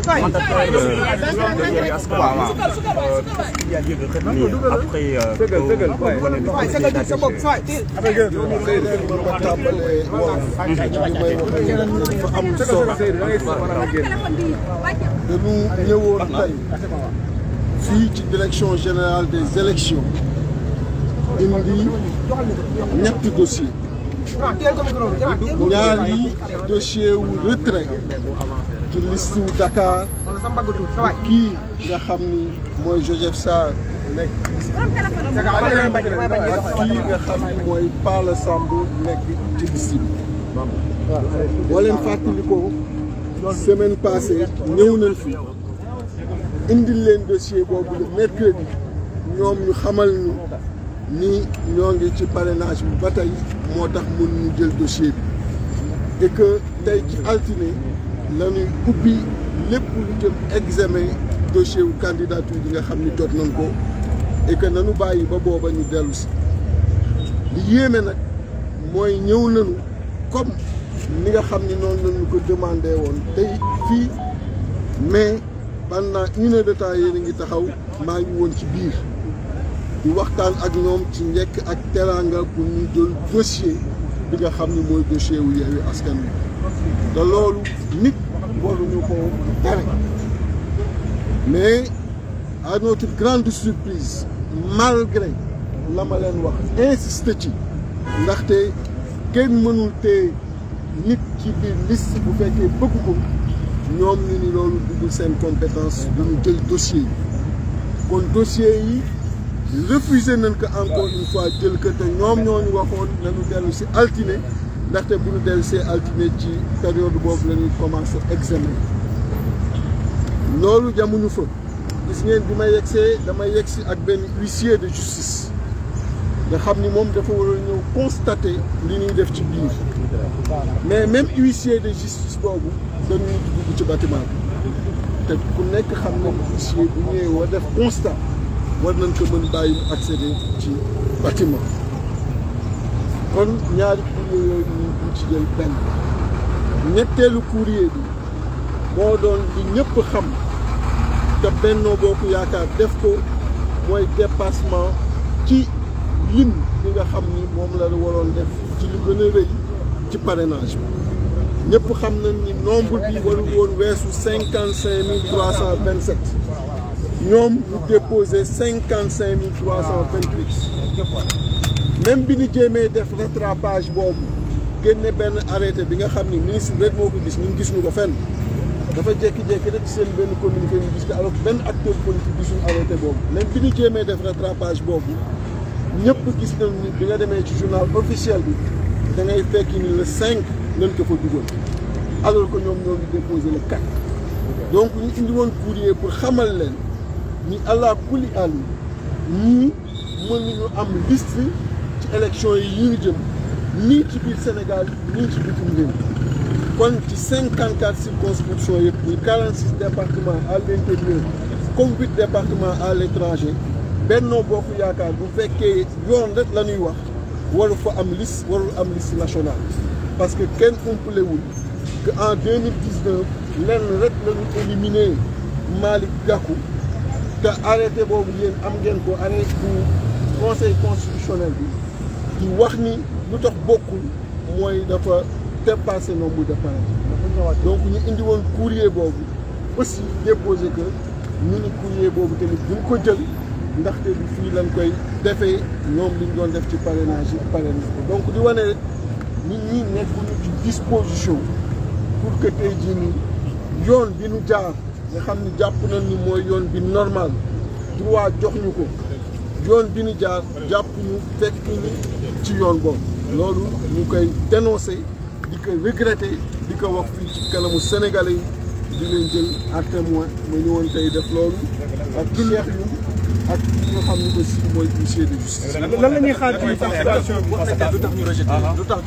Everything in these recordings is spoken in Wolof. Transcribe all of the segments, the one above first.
dañu ñëwoon tey fii ci direction générale des élections indi ñetti dossier ñaari dossier wu retrait ci listu Dakar kii nga xam ni mooy Joseph Sarr nekk ak kii nga xam ni mooy Pala Samb nekk ci listu bi boo leen fàttalikoo semaine passée ñëw nañ fi indil leen dossier boobu le mercredi ñoom ñu xamal ñu ni ñoo ngi ci parrainage bi ba tey moo tax mun ñu jël dossier bi et tey ci altine la ñuy ubbi lépp lu jëm examen dossier wu candidature yi nga xam ni jot nañ ko et que nanu bàyyi ba booba ñu dellu si li yéeme nag mooy ñëw nañu comme ni nga xam ni noonu lañu ko demandé woon tey fii mais pendant une heure de temps yéen ngi taxaw maa ngi woon ci biir di waxtaan ak ñoom ci njëkk ak teraanga pour ñu jël bi nga xam ni mooy dossier wu Yewwi Askan Wi te loolu nit waruñu ko tere mais à notre grande surprise malgré la ma leen wax insisté ci ndaxte kenn mënul te nit ci biir liste bu fekkee bëgg ko ñoom ñu ni loolu duggul seen compétence duñu jël dossier yi kon dossier yi refusé nañ ko encore une fois jël ko te ñoom ñooñu waxoon nañu dellu si altine ndaxte bu ñu dellusee altine ci période boobu la ñuy commencé examen loolu jamuñu fa gis ngeen bi ma yegsee dama yegsi ak benn huissier de justice nga xam ni moom dafa war a ñëw constater li ñuy def ci biir mais même huissier de justice boobu dañuy dugg ci bâtiment bi te ku nekk xam na huissier bu ñëwee war def constat war nañ ko mën bàyyi mu accéder ci bâtiment kon ñaari courrier yi ñun ñu ci jël benn ñetteelu courrier bi moo doon di ñëpp xam te Benno Bokk Yaakaar def ko mooy dépassement ci lim bi nga xam ni moom la waroon def ci lu gën a ci parrainage bi ñëpp xam nañ ni nombre bi warul weesu cinquante cinq mille trois cent vingt ñoom ñu déposé cinquante cinq mille trois cent vingt même bi ñu jéemee def rattrapage boobu génne benn arrêté bi nga xam ni ministre rek moo ko gis ñun gis ñu ko fenn dafa jékki-jékki rek seen benn communiqué ñu gis ko alors benn acteur politique gisuñu arrêté boobu même bi ñu jéemee def rattrapage boobu ñëpp gis nañ ni bi nga demee ci journal officiel bi da ngay fekk ni le 5 lañ ko fa dugal alors que ñoom ñoo ngi déposé le 4. donc ñu indi woon courrier pour xamal leen ni allah kulli àll ñii mën nañu am liste. ci élection yi ñu jëm nii ci biir Sénégal nii ci bitim réew kon ci cinquante quatre circonscriptions yëpp muy quarante six à l'intérieur comme huit départements à l'étranger Benno Bokk Yaakaar bu fekkee yoon rek la ñuy wax waru fa am liste warul am liste nationale parce que kenn umpalewul que en deux mille dix neuf lenn rek la ñu éliminé Malick Gakou te arrêté boobu yéen am ngeen ko arrêté bu conseil constitutionnel bi di wax ni lu tax bokkul mooy dafa dépassé nombre de parrain donc ñu indi woon courrier boobu aussi déposé que ñu ni courrier boobu tamit ñu ko jël ndaxte bi fii lañ koy defee ñoom liñ doon def ci parrainage yi parrainage donc di wane rek nit ñi nekkuñu pour que tey yoon bi nu jaar nga xam ni jàpp nañ ni mooy yoon bi normal droit jox ñu ko yoon bi nu jaar jàpp ñu fekk ci yoon boobu loolu ñu koy dénoncer di ko regretter di ko wax fii ci kanamu sénégalais yi di leen jël à témoin ma ñëwoon tey def loolu ak ki neex ak ki nga xam ne aussi mooy huissier de justice. lan la ñuy xaar ci situation bi wax nañ lu tax ñu rejeté ah ah. lu tax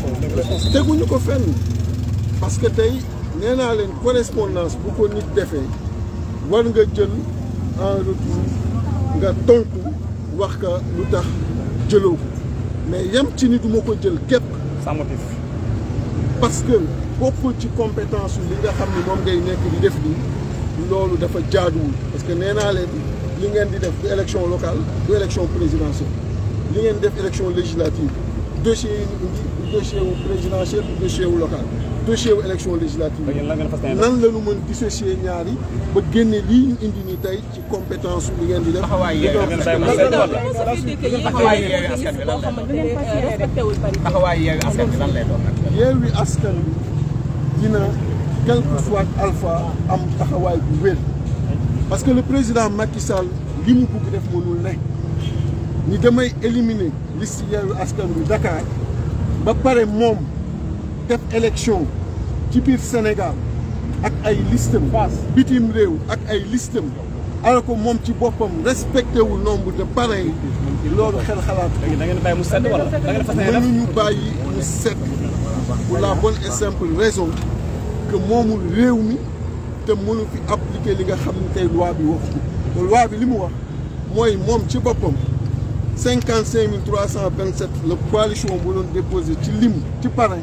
ko teguñu fenn parce que tey nee naa leen correspondance bu ko nit defee war nga jël en retour nga tontu wax ka lu tax. jëloo ko mais yam ci ni du ma ko jël képp. sans motif. parce que bokkul ci compétence li nga xam ni moom ngay nekk di def bi loolu dafa jaaduwul parce que nee naa leen li ngeen di def du élection locale du élection présidentielle li ngeen def élection législative dossier yi dossier wu présidentiel dossier wu local. dossier wu élection législative nan la mën dissocier ñaari ba génne lii ñu indi nii tey ci compétence li ngeen di def. taxawaay yeewi askan bi lan lay doon taxawaay yeewi askan bi lan lay dina quelque fois alpha am taxawaay bu wér parce que le président Macky Sall li mu bugg def mënul ne ni damay éliminer liste yeewi askan bi Dakar ba pare moom. def élection ci biir Sénégal ak ay listam bitim réew ak ay listam alors que moom ci boppam respecté wul nombre de parrain yi loolu xel xalaat ko. da ngeen bàyyi mu sedd wala da ngeen fas mënuñu bàyyi mu sedd pour la bonne et raison que moomul réew mi te mënu fi appliquer li nga xam ne tey loi bi wax ko loi bi li mu wax mooy moom ci boppam cinquante cinq mille trois cent vingt sept la coalition bu doon déposé ci lim ci parrain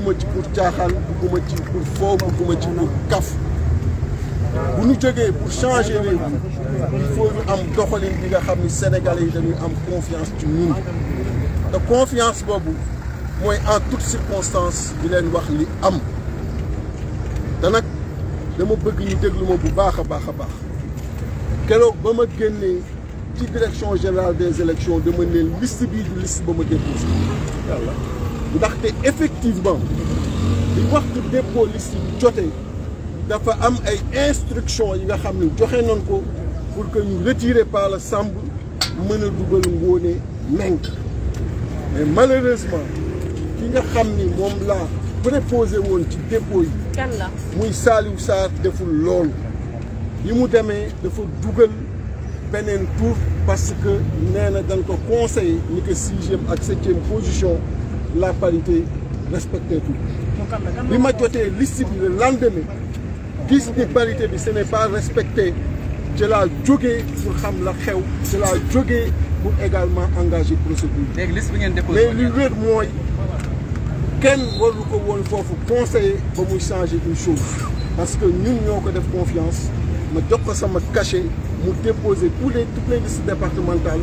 bugguma ci pour caaxaan bugguma ci pour foo bugguma ci pour bu ñu jógee pour changer réew il faut ñu am doxalin bi nga xam ni sénégalais yi dañuy am confiance ci ñun te confiance boobu mooy en toute circonstance di leen wax li am te nag dama bëgg ñu déglu ma bu baax a baax a baax keroog ba ma génnee ci direction générale des élections dama ne liste bii du liste ba ma déposé ndaxte effectivement wax waxtu dépôt li yi jote dafa am ay instruction yi nga xam ne joxe nañ ko pour que ñu retirer Palla Samb mën a dugal Ngoné Menk mais malheureusement ki nga xam ni moom laa préposé woon ci dépôt yi muy Saliou Sarr deful loolu yi mu demee dafa dugal beneen tour parce que nee na dañ ko conseillé ni que sixième ak septième position la parité respecté tout bi ma jotee liste bi le lendemain gis ni parité bi ce n'est pas respecté ci jógee pour xam la xew ci laa jógee pour également engager procédure léegi liste bi ngeen déposé mais li wér mooy kenn waru ko woon foofu conseiller ba muy changer une chose parce que ñun ñoo ko def confiance ma jox ko sama cachet mu déposer tous les toutes les listes départementales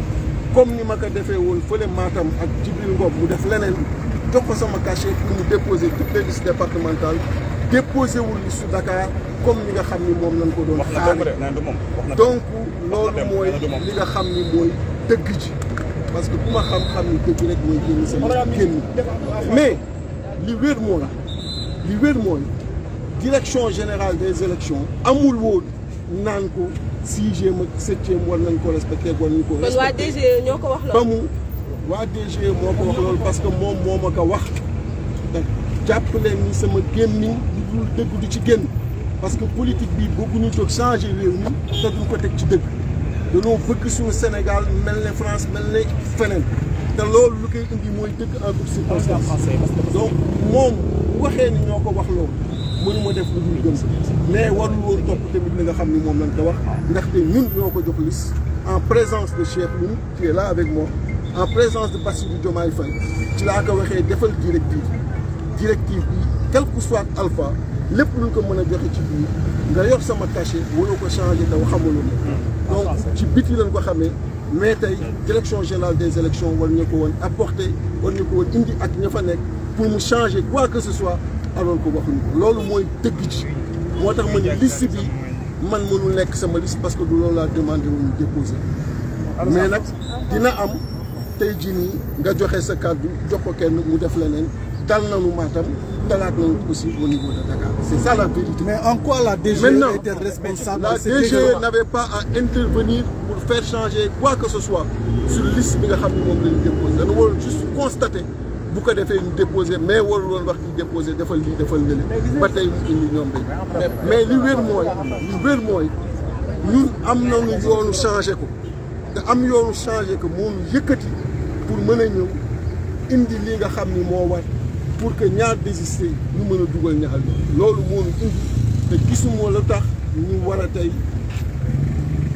comme ni ma ko defee woon fële Matam ak Jibril Ngom mu def leneen jox ko sama cachet pour mu déposer toutes les listes départementales déposé su Dakar comme ni nga xam ni moom lañ ko doon xaaree donc loolu mooy li nga xam ni mooy dëgg ji parce que bu ma xam-xam ni dëgg rek mooy génn sama génn mais li wér mooy li wér mooy direction général des élections amul woon naan ko sixième ak septième war nañ ko respecté war nañ ko respecté waa DG ñoo ko wax loolu ba mu waa moo ko wax parce que moom moo ma ko wax te jàpp leen ni sama gémmiñ li dul dëgg ci génn parce que politique bi bëgguñu toog changé réew mi te duñ ko teg ci dëgg dañoo bëgg suñu Sénégal mel ne France mel ne feneen te loolu lu koy indi mooy dëgg en toute circonstance donc moom bu waxee ni ñoo ko wax loolu mënuma def lu dul gëm mais warul woon topp tamit li nga xam ni moom lañ ko wax ndaxte ñun ñoo ko jox lis en présence de Cheikh Loum qui est là avec moi en présence de Bassirou Diomaye Faye ci laa ko waxee defal directive directive bi quel que soit alpha lépp luñ ko mën a joxe ci biir nga yor sama cachet waroo ko changé taw xamaloon hmm. donc ci biti lañ ko xamee mais tey direction générale des élections war ñu ko woon apporter war ñu ko woon indi ak ña fa nekk pour mu changer quoi que ce soit alors ko loolu mooy dëgg ci moo tax ma ne liste bi man mënul nekk sama liste parce que du loolu laa demande wu ñu déposé mais nag dina am tey jii nii nga joxe sa kàddu jox ko kenn mu def leneen tal nañu Matam dalaat nañu aussi au niveau de Dakar c'est ça la vérité. mais en quoi la DG était responsable la DG n'avait pas à intervenir pour faire changer quoi que sur liste bi nga xam ne moom la ñu déposé dañu bu ko defee ñu déposé mais warul woon wax ñu déposé defal lii defal lële ba tey mu indi ñoom dañ mais li wér mooy li wér mooy ñun am nañu yoonu changé ko te am yoonu changé ko moom yëkkati pour mën a ñëw indi li nga xam ni moo war pour que ñaar désister ñu mën a dugal ñaar loolu moo ñu indi te gisuma la tax ñu war a tey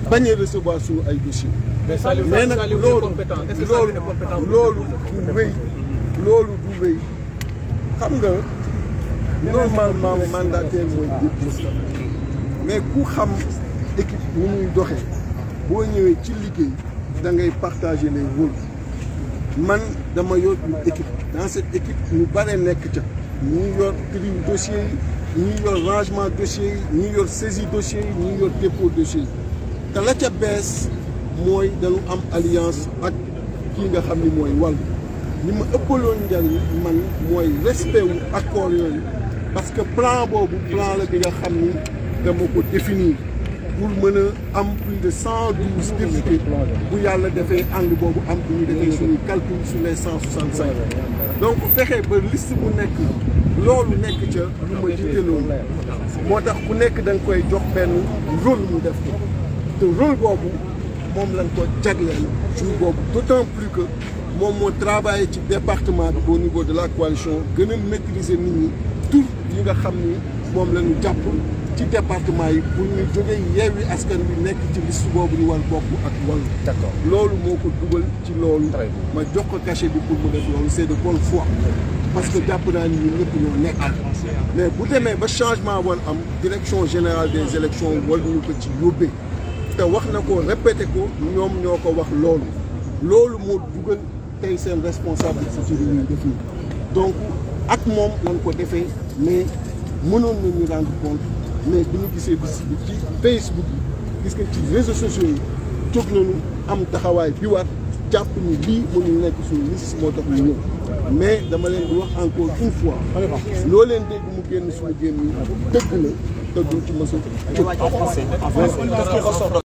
bañ a recevoir suñu ay dossiers mais nag loolu loolu loolu wéy loolu du wéy xam nga normalement mandataire mooy yëpp mais ku xam équipe ni muy doxee boo ñëwee ci liggéey da ngay partager les rôles man dama yor une équipe dans cette équipe ñu bare nekk ca ñu yor tri dossier yi ñu yor rangement dossier yi ñu yor saisie dossier yi ñu yor dépôt dossier yi te la ca bees mooy dañu am alliance ak kii nga xam ni mooy wàllu ñi ma ëppaloon njariñ man mooy respect wu accord yooyu parce que plan boobu plan la bi nga xam ni dama ko définir pour mën a am plus de cent douze députés bu yàlla defee ànd boobu am bu ñu defee suñuy calcul sur les cent soixante cinq donc fexe ba liste bu nekk loolu nekk ca lu ma jiite loolu moo tax ku nekk da nga koy jox benn rôle mu def ko te rôle boobu moom lañ ko jagleel jour boobu d' plus que moom moo travaillé ci département bi au niveau de la coalition gën a maîtriser nit ñi tur yi nga xam ni moom la ñu jàpp ci département yi pour ñu jóge yeewi askan bi nekk ci liste boobu ñu war bokk ak wàllu. d'accord loolu moo ko dugal ci loolu. ma jox ko cachet bi pour mu def loolu c'est de bonne foi. parce que jàpp naa ni ñun ñëpp ñoo nekk. mais bu demee ba changement woon am direction générale des élections war ñu ko ci yóbbee. te wax na ko répété ko ñoom ñoo ko wax loolu. tey seen responsable ci li def nii donc ak moom lañ ko defee mais mënoon nañu rendre compte mais bu mu gisee bis bi ci Facebook yi gis nga ci réseaux sociaux yi jóg nu am taxawaay bi war jàpp ni lii mënul nekk suñu liste moo tax ñu mais dama leen di wax encore une fois loo leen dégg mu génn suñu génn dëgg la te duñ ci mos a jóg